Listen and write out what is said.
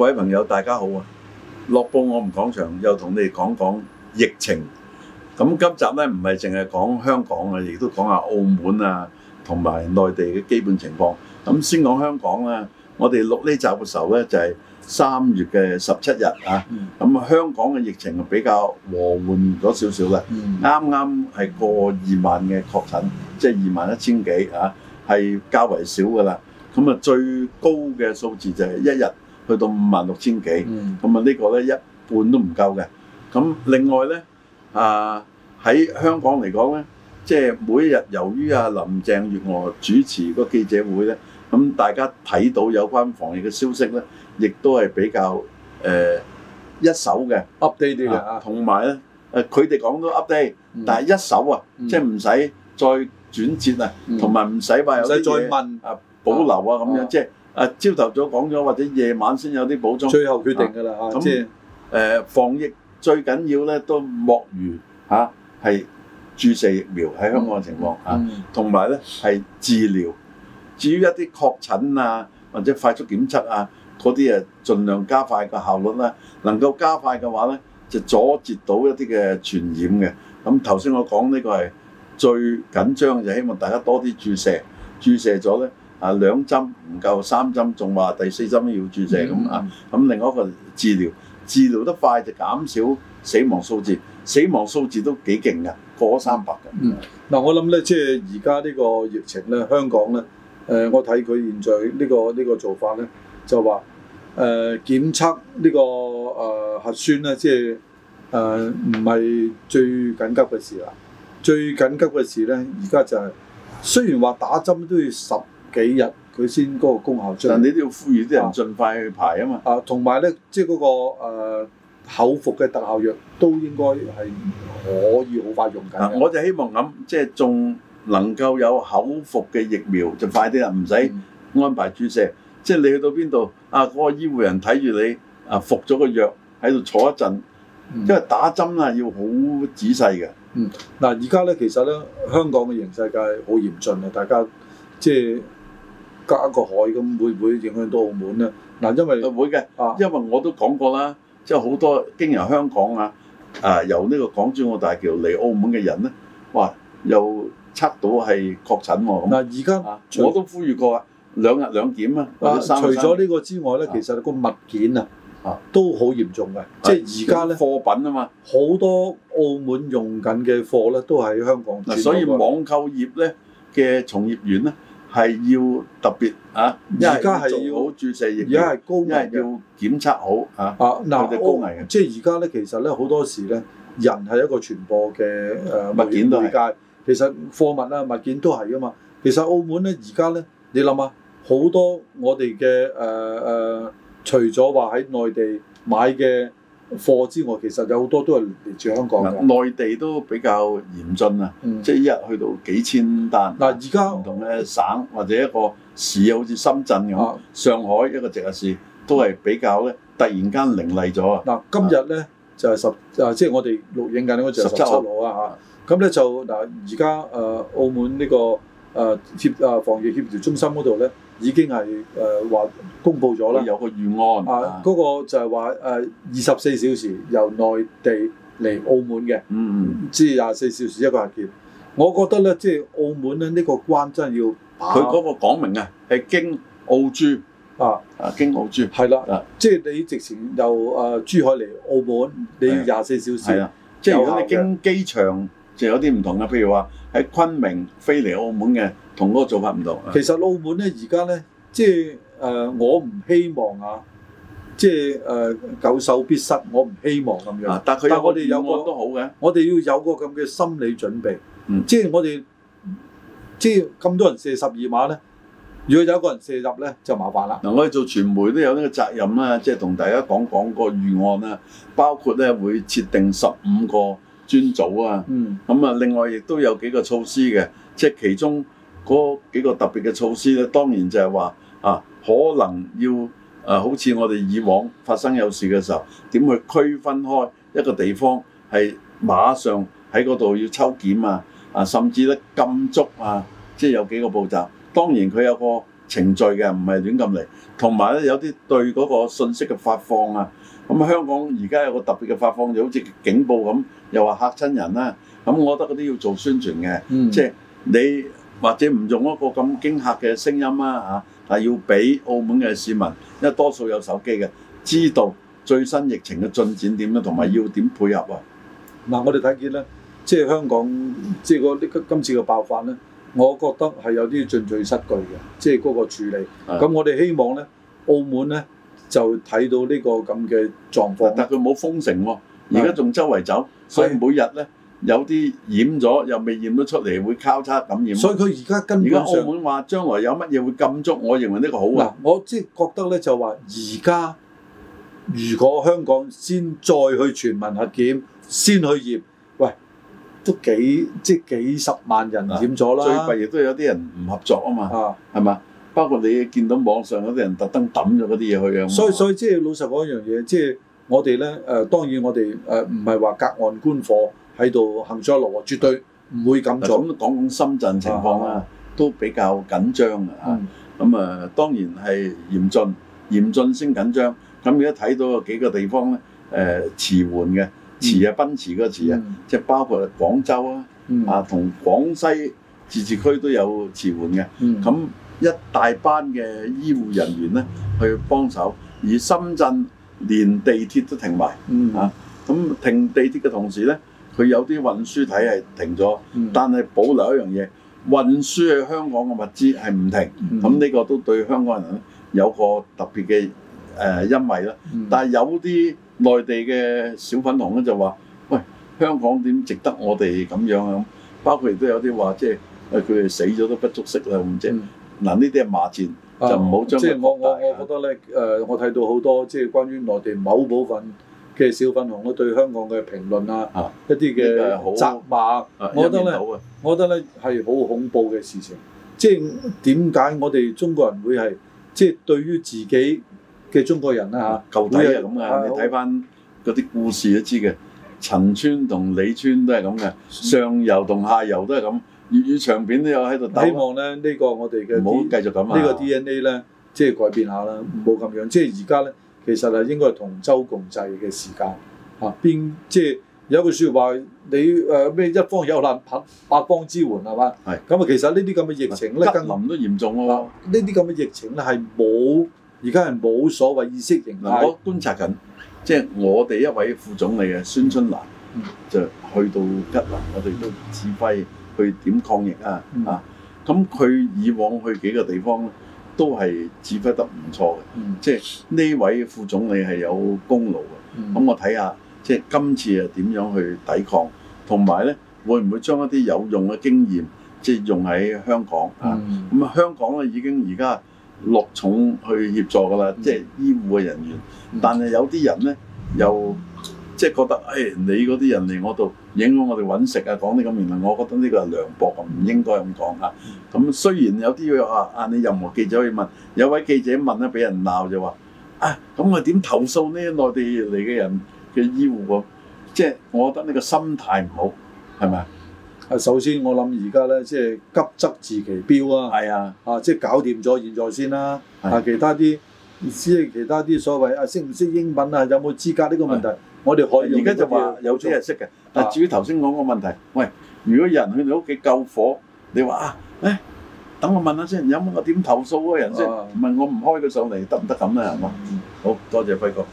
各位朋友，大家好啊！樂報我哋講場，又同你哋講講疫情。咁今集咧唔係淨係講香港啊，亦都講下澳門啊，同埋內地嘅基本情況。咁先講香港啦，我哋錄呢集嘅時候咧就係三月嘅十七日啊。咁香港嘅疫情比較和緩咗少少啦，啱啱係過二萬嘅確診，即係二萬一千幾啊，係較為少㗎喇。咁啊，最高嘅數字就係一日，去到五萬六千幾，咁啊呢個咧一半都唔夠嘅。咁另外咧，啊喺香港嚟講咧，即係每一日由於啊林鄭月娥主持個記者會咧，咁大家睇到有關防疫嘅消息咧，亦都係比較誒一手嘅 update 啲嘅。同埋咧，誒佢哋講都 update，但係一手啊，即係唔使再轉接啊，同埋唔使話有啲再問啊保留啊咁樣，即係。啊！朝頭早講咗，或者夜晚先有啲補充。最後決定㗎啦，嚇！咁誒防疫最緊要咧，都莫如嚇係注射疫苗喺香港嘅情況嚇，同埋咧係治療。至於一啲確診啊，或者快速檢測啊嗰啲誒，盡量加快個效率啦。能夠加快嘅話咧，就阻截到一啲嘅傳染嘅。咁頭先我講呢個係最緊張嘅，就希望大家多啲注射，注射咗咧。啊，兩針唔夠，三針仲話第四針要注射咁、嗯、啊！咁另外一個治療，治療得快就減少死亡數字，死亡數字都幾勁噶，過三百噶。嗯，嗱、啊、我諗咧，即係而家呢個疫情咧，香港咧，誒、呃、我睇佢現在呢、呢個呢、呢個做法咧，就話誒檢測呢個誒、呃、核酸咧，即係誒唔係最緊急嘅事啦，最緊急嘅事咧，而家就係、是、雖然話打針都要十幾日佢先嗰個功效？但係你都要呼籲啲人盡快去排啊嘛！啊，同埋咧，即係嗰個、呃、口服嘅特效藥都應該係可以好快用緊、啊。我就希望咁，即係仲能夠有口服嘅疫苗就快啲啦，唔使安排注射。嗯、即係你去到邊度，啊嗰、嗰個醫護人睇住你，啊服咗個藥喺度坐一陣，嗯、因為打針啊要好仔細嘅。嗯，嗱、啊，而家咧其實咧香港嘅形勢界好嚴峻啊，大家即係。加個海咁會唔會影響到澳門咧？嗱，因為會嘅，因為我都講過啦，即係好多經由香港啊，啊由呢個港珠澳大橋嚟澳門嘅人咧，哇，又測到係確診喎。嗱，而家我都呼籲過啊，兩日兩檢啊。除咗呢個之外咧，其實個物件啊，都好嚴重嘅。即係而家咧，貨品啊嘛，好多澳門用緊嘅貨咧都喺香港。嗱，所以網購業咧嘅從業員咧。係要特別嚇，而家係要好注射，而家係高危，要檢測好嚇。啊，嗱、啊、高危，即係而家咧，其實咧好多時咧，人係一個傳播嘅誒、呃、物件媒介。其實貨物啊、物件都係噶嘛。其實澳門咧而家咧，你諗下，好多我哋嘅誒誒，除咗話喺內地買嘅。貨之外，其實有好多都係嚟自香港嘅。內地都比較嚴峻啊，嗯、即係一日去到幾千單。嗱、嗯，而家唔同嘅省或者一個市啊，好似深圳咁，上海一個直轄市都係比較咧，突然間凌厲咗啊！嗱，今日咧就係、係、十、就係、樓啊，即係我哋錄影緊呢個就十七號啊嚇。咁咧就嗱，而家誒澳門呢、呢個誒協啊防疫協調中心嗰度咧。已經係誒話公佈咗啦，有個預案啊，嗰、啊、個就係話誒二十四小時由內地嚟澳門嘅，嗯，即係廿四小時一個日結。我覺得咧，即、就、係、是、澳門咧呢個關真係要，佢嗰個講明啊，係經澳珠啊，啊經澳珠，係啦、啊，即係你直情由誒珠海嚟澳門，你要廿四小時的，啊的，即係如果你經機場。就有啲唔同啦，譬如話喺昆明飛嚟澳門嘅，同嗰個做法唔同。其實澳門咧，而家咧，即係誒、呃，我唔希望啊，即係誒、呃，久守必失，我唔希望咁樣。啊、但係我哋有個都好嘅，我哋要有個咁嘅心理準備。嗯、即係我哋，即係咁多人射十二碼咧，如果有一個人射入咧，就麻煩啦。嗱，我哋做傳媒都有呢個責任啦，即係同大家講講個預案啦，包括咧會設定十五個。專組啊，咁啊、嗯，另外亦都有幾個措施嘅，即係其中嗰幾個特別嘅措施咧，當然就係話啊，可能要啊，好似我哋以往發生有事嘅時候，點去區分開一個地方係馬上喺嗰度要抽檢啊，啊，甚至咧禁足啊，啊即係有幾個步驟。當然佢有個程序嘅，唔係亂咁嚟。同埋咧，有啲對嗰個信息嘅發放啊，咁、啊嗯、香港而家有個特別嘅發放，就好似警報咁。又話嚇親人啦、啊，咁我覺得嗰啲要做宣傳嘅，嗯、即係你或者唔用一個咁驚嚇嘅聲音啦、啊、嚇，係、啊、要俾澳門嘅市民，因為多數有手機嘅，知道最新疫情嘅進展點樣，同埋要點配合啊。嗱、嗯，嗯、我哋睇見咧，即係香港即係個今今次嘅爆發咧，我覺得係有啲進退失據嘅，即係嗰個處理。咁、嗯、我哋希望咧，澳門咧就睇到呢個咁嘅狀況但。但佢冇封城喎、哦。而家仲周圍走，所以每日咧有啲染咗又未染到出嚟，會交叉感染。所以佢而家而家如果澳門話將來有乜嘢會禁足，我認為呢個好啊。嗱，我即係覺得咧，就話而家如果香港先再去全民核檢，先去驗，喂都幾即係幾十萬人染咗啦。最弊亦都有啲人唔合作啊嘛，係嘛？包括你見到網上嗰啲人特登抌咗嗰啲嘢去啊。所以所以即係老實講一樣嘢，即係。我哋咧誒當然我哋誒唔係話隔岸觀火喺度行上落喎，mm. 絕對唔會咁做。咁講講深圳情況啦，啊、都比較緊張啊。咁啊、mm. 當然係嚴峻，嚴峻先緊張。咁而家睇到有幾個地方咧誒馳援嘅馳啊，奔馳嗰個馳啊，即係、mm. 包括廣州啊，mm. 啊同廣西自治區都有馳援嘅。咁、mm. 嗯、一大班嘅醫護人員咧去幫手，而深圳。連地鐵都停埋，嚇、嗯！咁、啊、停地鐵嘅同時呢，佢有啲運輸體系停咗，嗯、但係保留一樣嘢，運輸去香港嘅物資係唔停。咁呢、嗯、個都對香港人有個特別嘅誒欣慰啦。但係有啲內地嘅小粉紅咧就話，喂，香港點值得我哋咁樣啊？包括亦都有啲話，即係佢哋死咗都不足惜啦咁啫。嗱，呢啲係罵戰。就唔好即係我我我覺得咧，誒，我睇到好多即係關於內地某部分嘅小粉紅咧，對香港嘅評論啊，一啲嘅責罵，我覺得咧，我覺得咧係好恐怖嘅事情。即係點解我哋中國人會係即係對於自己嘅中國人咧嚇？舊底係咁啊，你睇翻嗰啲故事都知嘅，陳村同李村都係咁嘅，上游同下游都係咁。粵語長片都有喺度、啊、希望咧呢、這個我哋嘅唔好繼續咁啊！個呢個 DNA 咧，即、就、係、是、改變下啦，冇咁、嗯、樣。即係而家咧，其實係應該同舟共濟嘅時間嚇。變即係、就是、有句説話說，你誒咩、呃、一方有難，八方支援係嘛？係。咁啊是，其實呢啲咁嘅疫情咧，吉林都嚴重喎。呢啲咁嘅疫情咧係冇，而家係冇所謂意識形態。我觀察緊，即、就、係、是、我哋一位副總理嘅孫春蘭就去到吉林，我哋都唔指揮去點抗疫啊？嗯、啊，咁佢以往去幾個地方都係指揮得唔錯嘅，即係呢位副總理係有功勞嘅。咁、嗯、我睇下，即係今次係點樣去抵抗，同埋呢，會唔會將一啲有用嘅經驗，即係用喺香港、嗯、啊？咁啊，香港咧已經而家落重去協助㗎啦，即係、嗯、醫護嘅人員，但係有啲人呢，又。即係覺得誒、哎，你嗰啲人嚟我度影響我哋揾食啊，講呢咁，原來我覺得呢個係涼薄，啊，唔應該咁講啊。咁雖然有啲要話嗌你任何記者可以問，有位記者問咧，俾人鬧就話啊，咁我點投訴呢內地嚟嘅人嘅醫護、啊、即係我覺得你個心態唔好，係咪啊？首先我諗而家咧，即、就、係、是、急則治其標啊。係啊，啊，即係搞掂咗現在先啦。啊，其他啲至於其他啲所謂啊，識唔識英文啊，有冇資格呢個問題？嗯我哋可以，而家就話有車係識嘅，但至於頭先講個問題，啊、喂，如果有人去你屋企救火，你話啊，誒，等我問下先，有冇我點投訴嗰個人先？唔、啊、係我唔開佢上嚟得唔得咁咧？係嘛，嗯、吧好多謝輝哥。